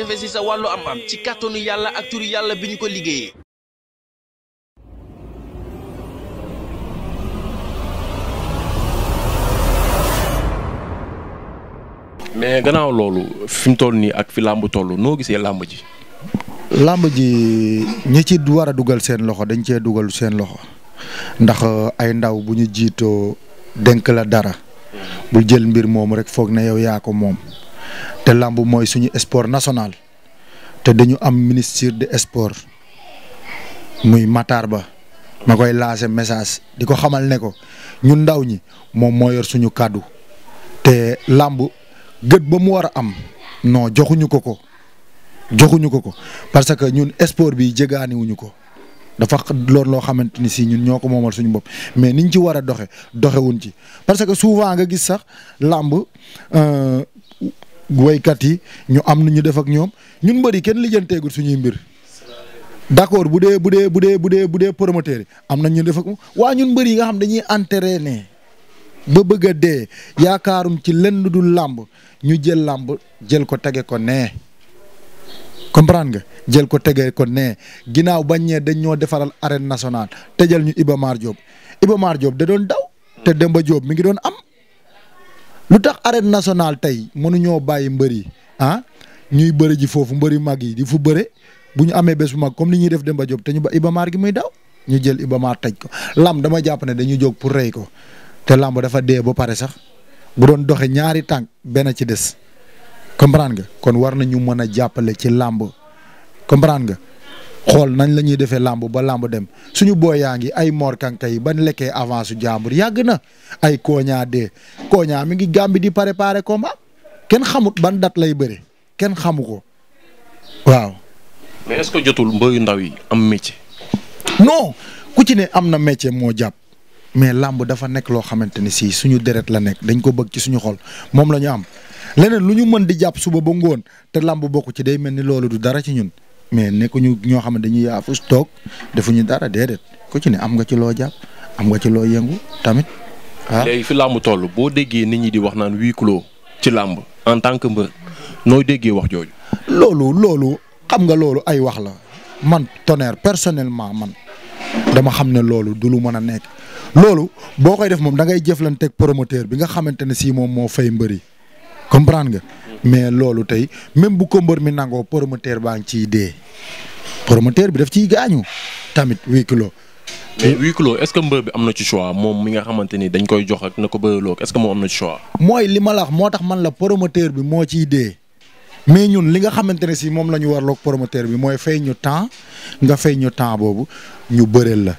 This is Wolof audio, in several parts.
jafe-jafe sa wàllu ci kàttanu yàlla ak turu yàlla bi ñu ko liggéeyee. mais gannaaw loolu fi mu toll nii ak fi làmb toll noo gisee làmb ji. làmb ji ñi ci war a dugal seen loxo dañ cee dugal seen loxo ndax euh, ay ndaw bu ñu jiitoo dénk la dara. Hmm. bu jël mbir moomu rek foog na yow yaa ko moom. te làmb mooy suñu sport national te dañu am ministre de sport muy Matar Ba ma koy lancé message di ko xamal ne ko ñun ndaw ñi moom moo yor suñu kàddu te làmb gët ba mu war a am no joxuñu ko ko joxuñu ko ko parce que ñun sport bi jégaaniwuñu ko dafa loolu loo xamante ni si ñun ñoo ko moomal suñu bopp mais niñ ci war a doxe doxewuñ ci parce que souvent nga gis sax làmb euh, waykat yi ñu am na ñu def ak ñoom ñun mbëri kenn lijjanteegul suñuy mbir d'accord bu dee bu dee bu dee bu dee bu dee promoteur yi am na ñu def ak waa ñun mbëri yi nga xam dañuy ne ba bëgg a dee yaakaarum ci lenn du làmb ñu jël làmb jël ko tege ko nee comprendre nga jël ko tege ko nee ginnaaw bañ ñee dañ ñoo defaral national te tëjal ñu Iba Mar Diop Iba Mar Diop da doon daw te Demba Diop mi ngi doon am. lu tax arène national tey mënuñoo bàyyi mbër yi ah ñuy bëri ji foofu mbëri mag yi di fu bëre bu ñu amee bés bu mag comme li ñuy def Demba Diop te ñu ba Ibamaar gi muy daw ñu jël Ibamaar tëj ko lamb dama jàpp ne dañuy jóg pour rey ko te lamb dafa dee ba pare sax bu doon doxe ñaari tànk benn ci des comprendre ga kon war nañu mën a jàppale ci lamb comprendre ga xool nañ la ñuy defee làmb ba làmb dem suñu yaa ngi ay Mor Kanka yi ba lekkee avance jàmbur yàgg na ay Koña de Koña mi ngi Gàmbi di pare préparer combat kenn xamut ban dat lay bëre kenn xamu ko waaw. mais est que jotul mbëyu ndaw yi am métier. non ku ci ne am na métier moo jàpp mais làmb dafa nekk loo xamante ne si suñu deret la nekk dañ ko bëgg ci suñu xol moom la ñu am leneen lu ñu mën di jàpp suba ba ngoon te làmb bokk ci day mel ni loolu du dara ci ñun. mais nekkuñu ñoo xam ne dañuy yaafus toog defu defuñu dara déedéet ku ci ne am nga ci loo jàpp am nga ci loo yëngu tamit. ah fi làmb tollu boo déggee nit ñi di wax naan huis clos ci làmb en tant que mbër nooy déggee wax jooju. loolu loolu xam nga loolu ay wax la man tonnerre personnellement man dama xam ne loolu du lu mën a nekk loolu boo koy def moom da ngay jëflanteeg promoteur bi nga xamante ne si moom moo fay mbëri comprendre nga. mais loolu tey même bu ko mbër mi nangoo promoteur baa ngi ciy dee promoteur bi daf ciy gaañu tamit huit kilos. mais huis clos est-ce que mbër bi am na ci choix moom mi nga xamante ni dañ koy jox ak na ko bëreloo est moom am na ci choix. mooy li ma la moo tax man la promoteur bi moo ciy dee mais ñun li nga xamante ne si moom la ñu warloog promoteur bi mooy fay ñu temps nga fay ñu temps boobu ñu bëreel la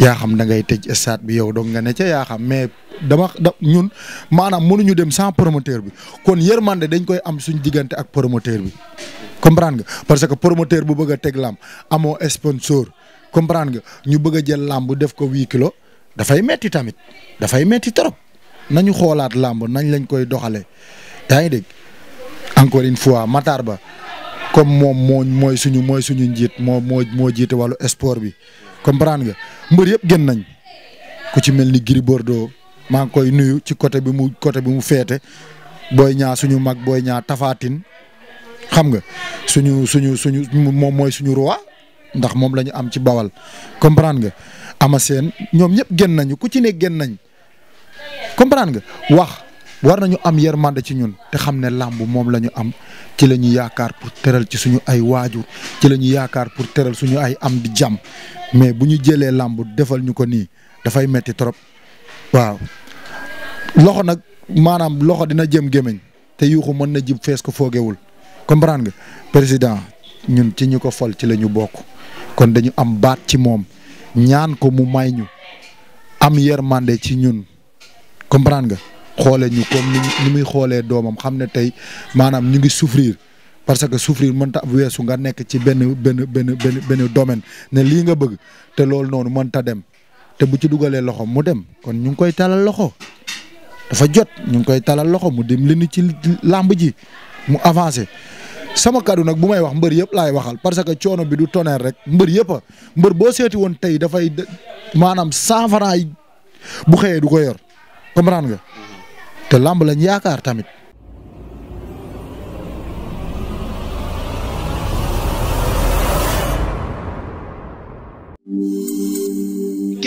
yaa xam da ngay tëj stade bi yow donc nga ne ca yaa xam mais dama da ñun maanaam mënuñu dem sans promoteur bi kon yërmande dañ koy am suñ diggante ak promoteur bi comprendre nga parce que promoteur bu bëgg a teg làmb amoo sponsor comprendre nga ñu bëgg a jël làmb def ko huit kilo dafay metti tamit dafay metti trop nañu xoolaat làmb nañ lañ koy doxalee yaa ngi dégg encore une fois Matar Ba comme moom moo mooy suñu mooy suñu njiit moo moo moo walu wàllu bi comprendre nga mbër yëpp génn nañ ku ci mel ni Gris Bordeaux maa ngi koy nuyu ci côté bi mu côté bi mu féete booy ñaa suñu mag booy ñaa tafaatin xam nga suñu suñu suñu moom mooy suñu roi ndax moom la ñu am ci bawal comprendre nga ama ñoom ñëpp génn nañu ku ci ne génn nañ comprendre nga wax war nañu am yërmande ci ñun te xam ne làmb moom la ñu am ci la ñu yaakaar pour tëral ci suñu ay waajur ci la ñu yaakaar pour tëral suñu ay am di jàmm mais bu ñu jëlee làmb defal ñu ko nii dafay metti trop waaw loxo nag maanaam loxo dina jëm gémmiñ te yuuxu mën na jib fees ko foogewul comprendre nga président ñun ci ñu ko fal ci la ñu bokk kon dañu am baat ci moom ñaan ko mu may ñu am yermande ci ñun comprendre nga xoole ñu comme ni muy xoolee doomam xam ne tey maanaam ñu ngi souffrir parce que souffrir mënta weesu nga nekk ci benn benn benn benn benn domaine ne lii nga bëgg te loolu noonu mënta dem te bu ci dugalee loxo mu dem kon ñu ngi koy talal loxo dafa jot ñu ngi koy talal loxo mu dem leen ci làmb ji mu avancé sama kaddu nag bu may wax mbër yëpp laay waxal parce que coono bi du tonnerre rek mbër yëpp mbër boo seeti woon tey dafay maanaam cent yi bu xëyee du ko yor comprendre nga te làmb lañ yaakaar tamit